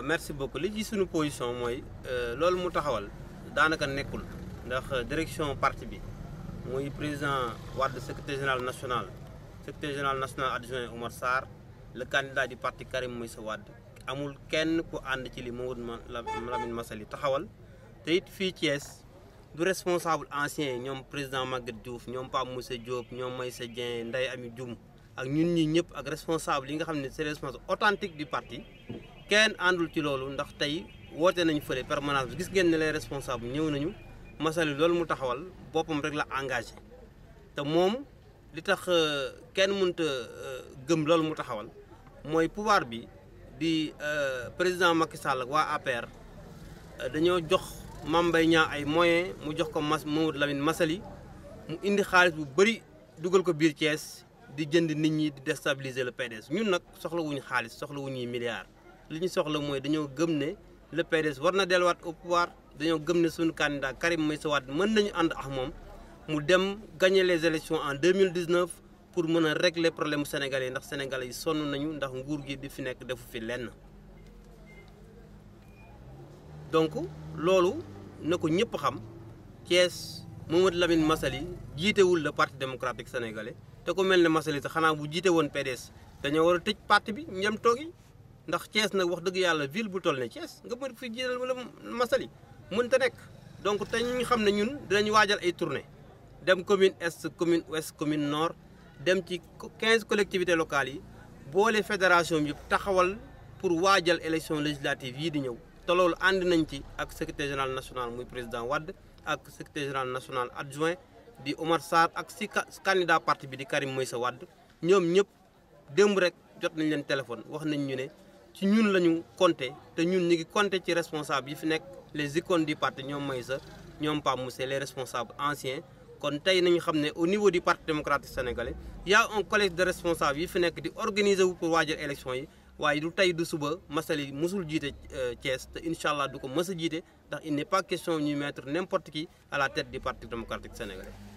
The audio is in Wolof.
waaw euh, merci beaucoup li ci suñu position mooy euh, loolu mu taxawal daanaka nekkul ndax direction parti bi muy président Wade secrétaire général national secrétaire général national adjoint Omar Sarr le candidat du parti Karim Meïssa Wade amul kenn ku ànd ci li ma Mamadou Lamine Massaly taxawal te it fii Thiès du responsable ancien ñoom président magget Diouf ñoom Pape Moussa Diop ñoom Maïssa Dieng Ndeye Amy Dioum ak ñun ñi ñëpp ak responsable yi nga xam ne c'est responsable parti kenn àndul ci loolu ndax tey woote nañu fële permanence bi gis ngeen ne les responsables ñëw nañu Massaly loolu mu taxawal boppam rek la engagé te moom li tax euh, kenn mënta euh, gëm loolu mu taxawal mooy pouvoir bi di euh, président Macky Sall ak waa APR dañoo jox Mame Mbaye ay moyen mu jox ko Mas Mamadou Lamine Massaly mu indi xaalis bu bëri dugal ko biir Thiès di jënd nit ñi di déstabiliser le PDS ñun nag soxlawuñu xaalis soxlawuñuy milliards li ñu soxla mooy dañoo gëm ne le PDS war na delluwaat au pouvoir dañoo gëm ne suñu candidat Karim Meïssa Wade mën nañu ànd ak moom mu dem gagner les élections en 2019 pour mën a régler problème sénégalais yi ndax sénégalais yi sonn nañu ndax nguur gi di fi nekk defu fi lenn. donc loolu na ko ñëpp xam Thiès Mamadou Lamine Massaly jiitewul la parti démocratique sénégalais te ko mel ne Massaly sax xanaa bu jiite woon PDS dañoo war a tëj parti bi ñam yi ndax Thiès nag wax dëgg yàlla ville bu toll ne Thiès nga mën fi jiital wala Massaly mën ta nekk donc te ñu xam ne ñun dinañ waajal ay tournée dem commune est commune ouest commune nord dem ci 15 collectivités locales yi boole fédération yëpp taxawal pour waajal élection législative yii di ñëw te loolu ànd nañ ci ak secrétaire général national muy président wadd ak secrétaire général national adjoint di Omar Sarr ak si candidat parti bi di Karim Meïssa wadd ñoom ñëpp démb rek jot nañ leen téléphone wax nañ ñu ne ci ñun la ñu compté te ñun ñu ngi compté ci responsable yi fi nekk les icônes du parti ñoom Maïssa ñoom Pape Moussé les responsables anciens kon tey nañu xam ne au niveau du parti démocratique sénégalais y a un collège de responsables yi fi nekk di organiser wu pour waajal élection yi waaye du tey du suba Massaly mësul jiite euh, Thiès te incha allah du ko mës a jiite ndax il n'est pas question ñuy mettre n'importe qui à la tête du parti démocratique sénégalais